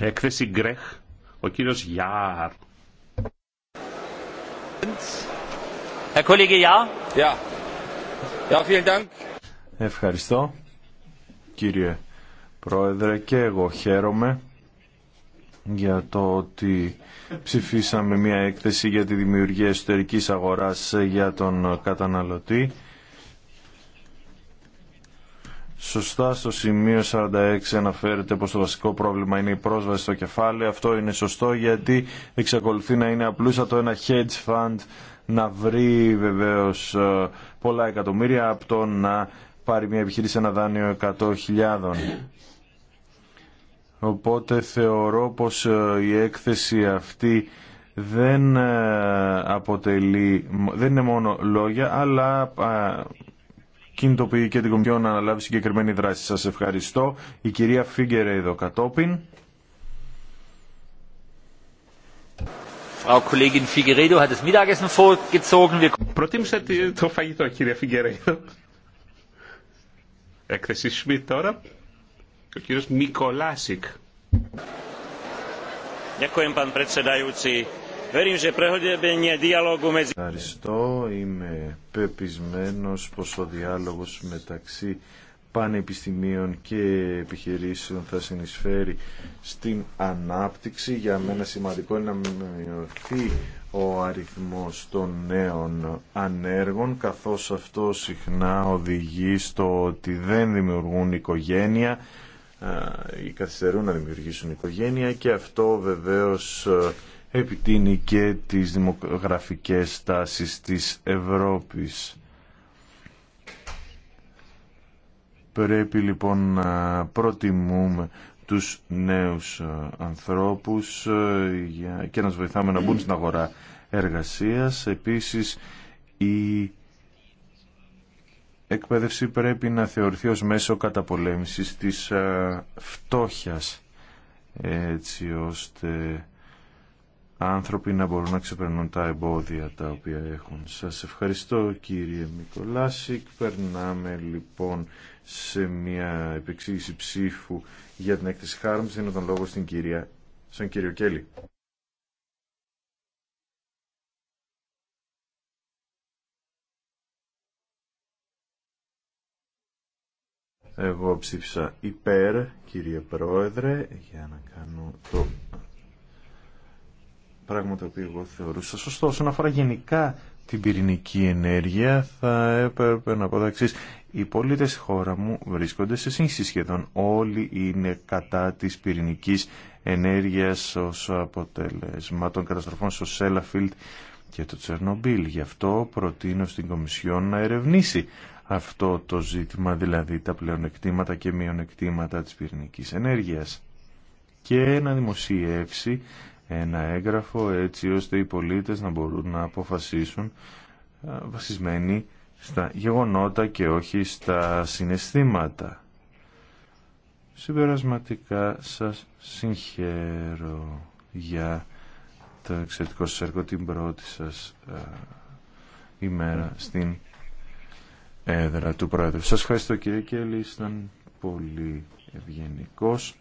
Έκθεση Γκρέχ, ο κύριος Γιάρ. Ευχαριστώ, κύριε Πρόεδρε, και εγώ χαίρομαι για το ότι ψηφίσαμε μια έκθεση για τη δημιουργία εσωτερικής αγοράς για τον καταναλωτή Σωστά στο σημείο 46 αναφέρεται πως το βασικό πρόβλημα είναι η πρόσβαση στο κεφάλαιο. Αυτό είναι σωστό γιατί εξακολουθεί να είναι το ένα hedge fund να βρει βεβαίως ε, πολλά εκατομμύρια από το να πάρει μια επιχείρηση ένα δάνειο 100.000. Οπότε θεωρώ πως ε, η έκθεση αυτή δεν ε, αποτελεί, δεν είναι μόνο λόγια, αλλά κινητοποιεί και την Κομισιόν να αναλάβει συγκεκριμένη δράση. Σας ευχαριστώ. Η κυρία Φίγκερε εδώ κατόπιν. Προτίμησα το φαγητό, κύριε Φιγκερέιδο. Έκθεση Σμιτ τώρα. Ο κύριος Μικολάσικ. Ευχαριστώ, Ευχαριστώ. Είμαι πεπισμένος πως ο διάλογος μεταξύ πανεπιστημίων και επιχειρήσεων θα συνεισφέρει στην ανάπτυξη. Για μένα σημαντικό είναι να μειωθεί ο αριθμός των νέων ανέργων, καθώς αυτό συχνά οδηγεί στο ότι δεν δημιουργούν οικογένεια ή καθυστερούν να δημιουργήσουν οικογένεια και αυτό βεβαίως επιτείνει και τις δημογραφικές τάσεις της Ευρώπης. Πρέπει λοιπόν να προτιμούμε τους νέους ε, ανθρώπους ε, και να τους βοηθάμε να μπουν στην αγορά εργασίας. Επίσης η εκπαίδευση πρέπει να θεωρηθεί ως μέσο καταπολέμησης της ε, φτώχειας έτσι ώστε άνθρωποι να μπορούν να ξεπερνούν τα εμπόδια τα οποία έχουν. Σας ευχαριστώ κύριε Μικολάσικ. Περνάμε λοιπόν σε μια επεξήγηση ψήφου για την έκθεση χάρμς. Δίνω τον λόγο στην κυρία, στον κύριο Κέλλη. Εγώ ψήφισα υπέρ, κύριε Πρόεδρε, για να κάνω το πράγμα το οποίο εγώ θεωρούσα σωστό. Όσον αφορά γενικά την πυρηνική ενέργεια θα έπρεπε να πω τα εξή. Οι πολίτε στη χώρα μου βρίσκονται σε σύγχυση σχεδόν. Όλοι είναι κατά τη πυρηνική ενέργεια ω αποτέλεσμα των καταστροφών στο Σέλαφιλτ και το Τσερνομπίλ. Γι' αυτό προτείνω στην Κομισιόν να ερευνήσει αυτό το ζήτημα, δηλαδή τα πλεονεκτήματα και μειονεκτήματα της πυρηνικής ενέργειας και να δημοσιεύσει ένα έγγραφο έτσι ώστε οι πολίτες να μπορούν να αποφασίσουν ε, βασισμένοι στα γεγονότα και όχι στα συναισθήματα. Συμπερασματικά σας συγχαίρω για το εξαιρετικό σας έργο την πρώτη σας ε, ημέρα στην έδρα του Πρόεδρου. Σας ευχαριστώ κύριε Κέλλη, ήταν πολύ ευγενικός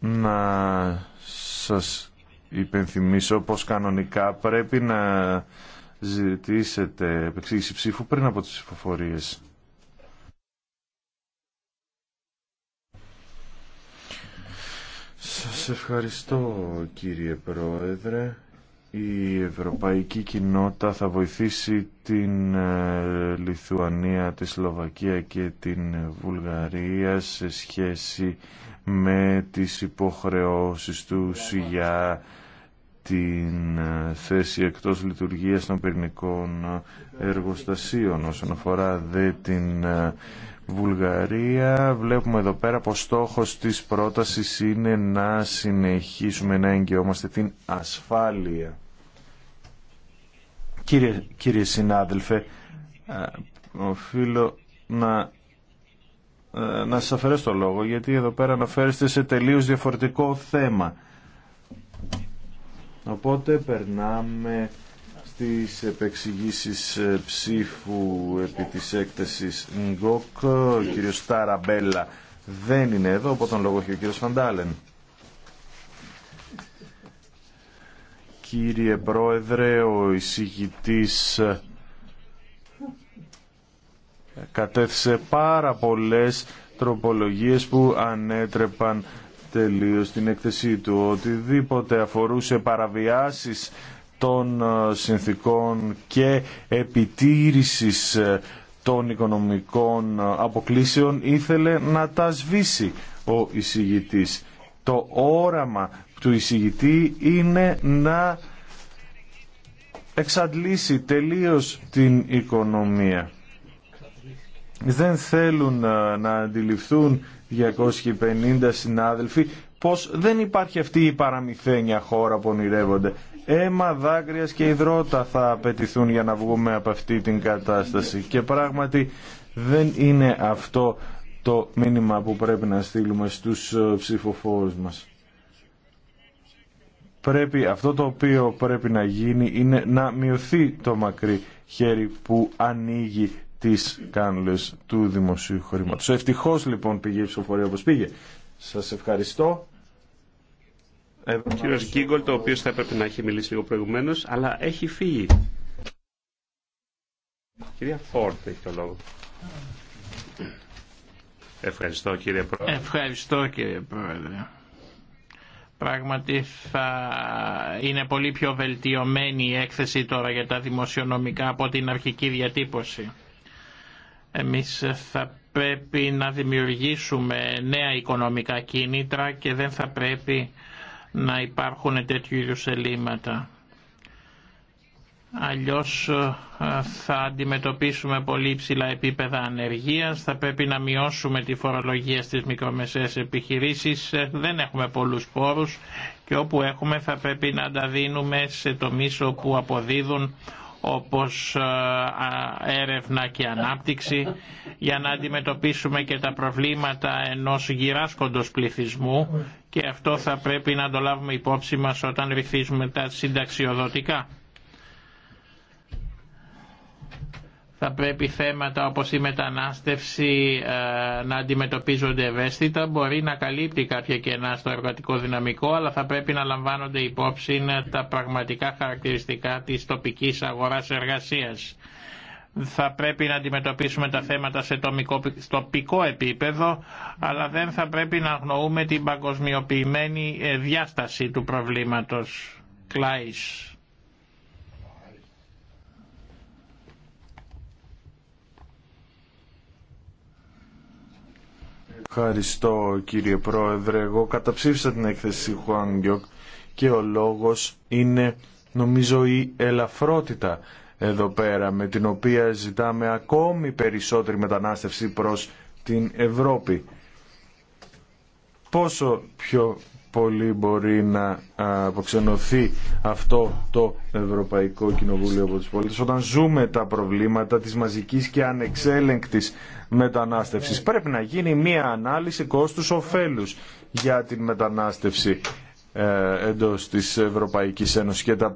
να σας υπενθυμίσω πως κανονικά πρέπει να ζητήσετε επεξήγηση ψήφου πριν από τις ψηφοφορίες. Σας ευχαριστώ κύριε Πρόεδρε η ευρωπαϊκή κοινότητα θα βοηθήσει την ε, Λιθουανία, τη Σλοβακία και την Βουλγαρία σε σχέση με τις υποχρεώσεις του για την ε, θέση εκτός λειτουργίας των πυρηνικών ε, εργοστασίων όσον αφορά δε την Βουλγαρία. Βλέπουμε εδώ πέρα πως στόχος της πρότασης είναι να συνεχίσουμε να εγγυόμαστε την ασφάλεια. Κύριε, κύριε συνάδελφε, οφείλω να, να σας αφαιρέσω το λόγο, γιατί εδώ πέρα αναφέρεστε σε τελείως διαφορετικό θέμα. Οπότε περνάμε τις επεξηγήσεις ε, ψήφου επί της έκθεσης ΝΓΟΚ. Ο κύριος Ταραμπέλα δεν είναι εδώ, οπότε τον λόγο έχει ο κύριος Φαντάλεν. Κύριε Πρόεδρε, ο εισηγητής ε, κατέθεσε πάρα πολλές τροπολογίες που ανέτρεπαν τελείως την έκθεσή του. Οτιδήποτε αφορούσε παραβιάσεις των ε, συνθήκων και επιτήρησης ε, των οικονομικών ε, αποκλήσεων ήθελε να τα σβήσει ο εισηγητής. Το όραμα του εισηγητή είναι να εξαντλήσει τελείως την οικονομία. Δεν θέλουν να αντιληφθούν 250 συνάδελφοι πως δεν υπάρχει αυτή η παραμυθένια χώρα που ονειρεύονται Έμα δάκρυα και υδρότα θα απαιτηθούν για να βγούμε από αυτή την κατάσταση. Και πράγματι δεν είναι αυτό το μήνυμα που πρέπει να στείλουμε στους ε, ψηφοφόρους μας. Πρέπει, αυτό το οποίο πρέπει να γίνει είναι να μειωθεί το μακρύ χέρι που ανοίγει τις κάνλες του δημοσίου χρήματος. Ευτυχώς λοιπόν πήγε η ψηφοφορία όπως πήγε. Σας ευχαριστώ ο κύριος Γκίγκολ, ο οποίος θα έπρεπε να έχει μιλήσει λίγο προηγουμένως, αλλά έχει φύγει. Κυρία Φόρτ έχει το λόγο. Ευχαριστώ κύριε Πρόεδρε. Ευχαριστώ κύριε Πρόεδρε. Πράγματι θα είναι πολύ πιο βελτιωμένη η έκθεση τώρα για τα δημοσιονομικά από την αρχική διατύπωση. Εμείς θα πρέπει να δημιουργήσουμε νέα οικονομικά κίνητρα και δεν θα πρέπει να υπάρχουν τέτοιου είδους ελλείμματα. Αλλιώς ε, θα αντιμετωπίσουμε πολύ ψηλά επίπεδα ανεργίας, θα πρέπει να μειώσουμε τη φορολογία στις μικρομεσαίες επιχειρήσεις, ε, δεν έχουμε πολλούς πόρους και όπου έχουμε θα πρέπει να τα δίνουμε σε τομείς όπου αποδίδουν όπως ε, έρευνα και ανάπτυξη για να αντιμετωπίσουμε και τα προβλήματα ενός γυράσκοντος πληθυσμού και αυτό θα πρέπει να το λάβουμε υπόψη μας όταν ρυθίζουμε τα συνταξιοδοτικά. Θα πρέπει θέματα όπως η μετανάστευση ε, να αντιμετωπίζονται ευαίσθητα. Μπορεί να καλύπτει κάποια κενά στο εργατικό δυναμικό, αλλά θα πρέπει να λαμβάνονται υπόψη ε, τα πραγματικά χαρακτηριστικά της τοπικής αγοράς εργασίας. Θα πρέπει να αντιμετωπίσουμε τα θέματα σε τοπικό, τοπικό επίπεδο, αλλά δεν θα πρέπει να αγνοούμε την παγκοσμιοποιημένη ε, διάσταση του προβλήματος. Κλάις. Ευχαριστώ κύριε Πρόεδρε. Εγώ καταψήφισα την έκθεση Χουάνγκιοκ και ο λόγος είναι νομίζω η ελαφρότητα εδώ πέρα με την οποία ζητάμε ακόμη περισσότερη μετανάστευση προς την Ευρώπη. Πόσο πιο πολύ μπορεί να αποξενωθεί αυτό το Ευρωπαϊκό Κοινοβούλιο από τους πολίτες όταν ζούμε τα προβλήματα της μαζικής και ανεξέλεγκτης μετανάστευσης. Πρέπει να γίνει μία ανάλυση κόστους-οφέλους για την μετανάστευση ε, εντός της Ευρωπαϊκής Ένωσης και τα,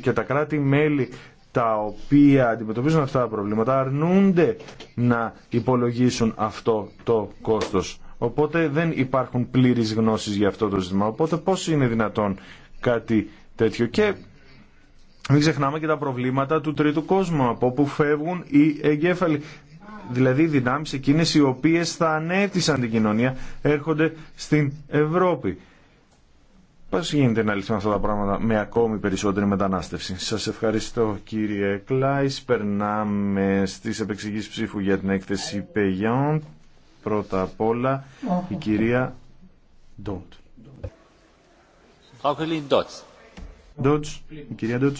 και τα κράτη-μέλη τα οποία αντιμετωπίζουν αυτά τα προβλήματα αρνούνται να υπολογίσουν αυτό το κόστος. Οπότε δεν υπάρχουν πλήρεις γνώσεις για αυτό το ζήτημα. Οπότε πώς είναι δυνατόν κάτι τέτοιο. Και μην ξεχνάμε και τα προβλήματα του τρίτου κόσμου από όπου φεύγουν οι εγκέφαλοι. Δηλαδή οι δυνάμεις εκείνες οι οποίες θα ανέτησαν την κοινωνία έρχονται στην Ευρώπη. Πώς γίνεται να λυθούν αυτά τα πράγματα με ακόμη περισσότερη μετανάστευση. Σας ευχαριστώ κύριε Κλάις. Περνάμε στις επεξηγήσεις ψήφου για την έκθεση Πεγιόντ. Πρώτα απ' όλα η κυρία Ντότ. η κυρία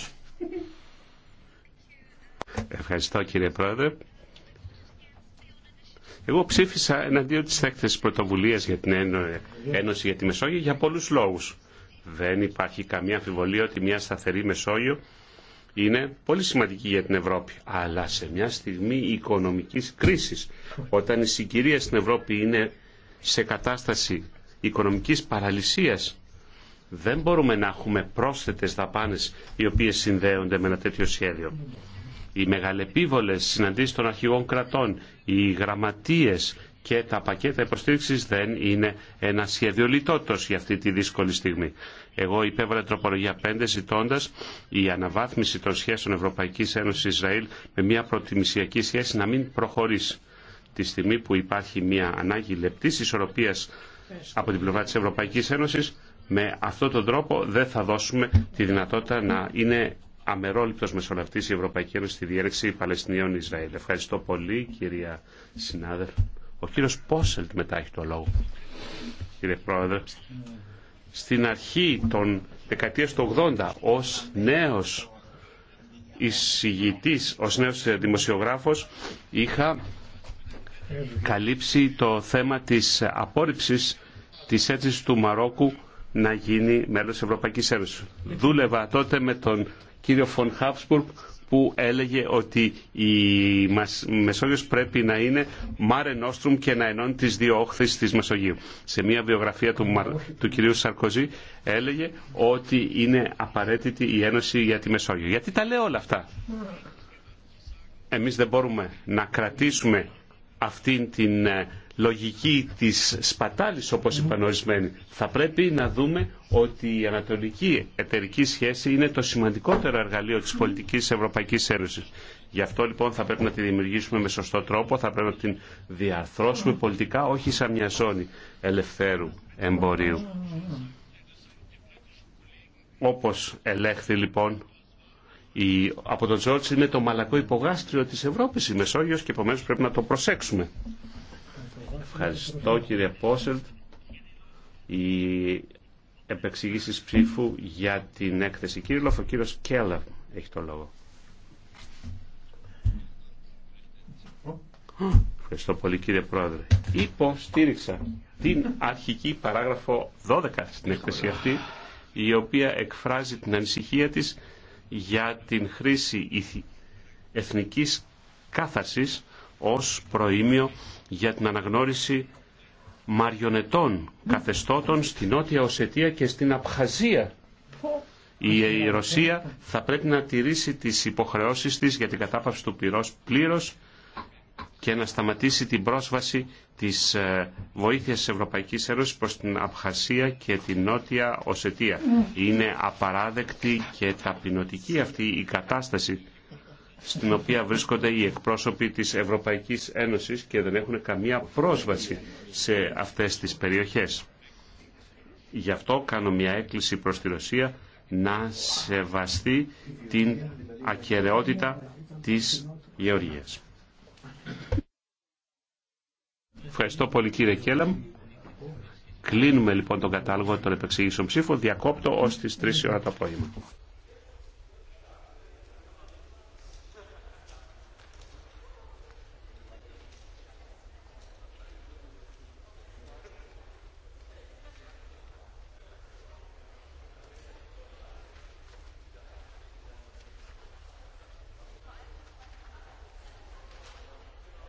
Ευχαριστώ κύριε Πρόεδρε. Εγώ ψήφισα εναντίον της έκθεση πρωτοβουλίας για την Ένωση για τη Μεσόγειο για πολλούς λόγους. Δεν υπάρχει καμία αμφιβολία ότι μια σταθερή Μεσόγειο είναι πολύ σημαντική για την Ευρώπη. Αλλά σε μια στιγμή οικονομικής κρίσης, όταν η συγκυρία στην Ευρώπη είναι σε κατάσταση οικονομικής παραλυσίας, δεν μπορούμε να έχουμε πρόσθετες δαπάνες οι οποίες συνδέονται με ένα τέτοιο σχέδιο. Οι μεγαλεπίβολες συναντήσεις των αρχηγών κρατών, οι γραμματείες, και τα πακέτα υποστήριξη δεν είναι ένα σχέδιο για αυτή τη δύσκολη στιγμή. Εγώ υπέβαλα τροπολογία 5 ζητώντα η αναβάθμιση των σχέσεων Ευρωπαϊκή Ένωση Ισραήλ με μια προτιμησιακή σχέση να μην προχωρήσει. Τη στιγμή που υπάρχει μια ανάγκη λεπτή ισορροπία από την πλευρά τη Ευρωπαϊκή Ένωση, με αυτόν τον τρόπο δεν θα δώσουμε τη δυνατότητα να είναι αμερόληπτος μεσολαβητή η Ευρωπαϊκή Ένωση στη διέλευση Παλαιστινίων Ισραήλ. Ευχαριστώ πολύ κυρία συνάδελφα. Ο κύριος Πόσελτ μετά έχει το λόγο. Κύριε Πρόεδρε, στην αρχή των δεκαετίας του 80 ως νέος εισηγητής, ως νέος δημοσιογράφος είχα καλύψει το θέμα της απόρριψης της έτσι του Μαρόκου να γίνει μέλος της Ευρωπαϊκής Ένωσης. Δούλευα τότε με τον κύριο Φων Χάψπουργκ που έλεγε ότι η Μεσόγειος πρέπει να είναι Μάρε nostrum και να ενώνει τις δύο όχθες της Μεσογείου. Σε μια βιογραφία του, του κυρίου Σαρκοζή έλεγε ότι είναι απαραίτητη η Ένωση για τη Μεσόγειο. Γιατί τα λέω όλα αυτά. Ναι. Εμείς δεν μπορούμε να κρατήσουμε αυτήν την ε, λογική της σπατάλης όπως είπαν ορισμένοι. Θα πρέπει να δούμε ότι η ανατολική εταιρική σχέση είναι το σημαντικότερο εργαλείο της πολιτικής Ευρωπαϊκής Ένωσης. Γι' αυτό λοιπόν θα πρέπει να τη δημιουργήσουμε με σωστό τρόπο, θα πρέπει να την διαρθρώσουμε πολιτικά, όχι σαν μια ζώνη ελευθέρου εμπορίου. Όπως ελέγχθη λοιπόν η, από τον Τζόρτζ είναι το μαλακό υπογάστριο της Ευρώπης η Μεσόγειος και επομένως πρέπει να το προσέξουμε. Ευχαριστώ κύριε Πόσελτ. Οι επεξηγήσεις ψήφου για την έκθεση. Κύριε Λόφ, ο κύριος έχει το λόγο. Ευχαριστώ πολύ κύριε Πρόεδρε. Υποστήριξα την αρχική παράγραφο 12 στην έκθεση αυτή η οποία εκφράζει την ανησυχία της για την χρήση εθνικής κάθαρσης ως προήμιο για την αναγνώριση μαριονετών καθεστώτων στην Νότια Οσετία και στην Απχαζία. Η Ρωσία θα πρέπει να τηρήσει τις υποχρεώσεις της για την κατάπαυση του πυρός πλήρως και να σταματήσει την πρόσβαση της ε, βοήθειας της Ευρωπαϊκής Ένωσης προς την Απχασία και την Νότια Οσετία. Mm. Είναι απαράδεκτη και ταπεινωτική αυτή η κατάσταση στην οποία βρίσκονται οι εκπρόσωποι της Ευρωπαϊκής Ένωσης και δεν έχουν καμία πρόσβαση σε αυτές τις περιοχές. Γι' αυτό κάνω μια έκκληση προς τη Ρωσία να σεβαστεί την ακαιρεότητα της Γεωργίας. Ευχαριστώ πολύ κύριε Κέλαμ. Κλείνουμε λοιπόν τον κατάλογο των επεξηγήσεων ψήφων. Διακόπτω ως τις 3 ώρα το απόγευμα.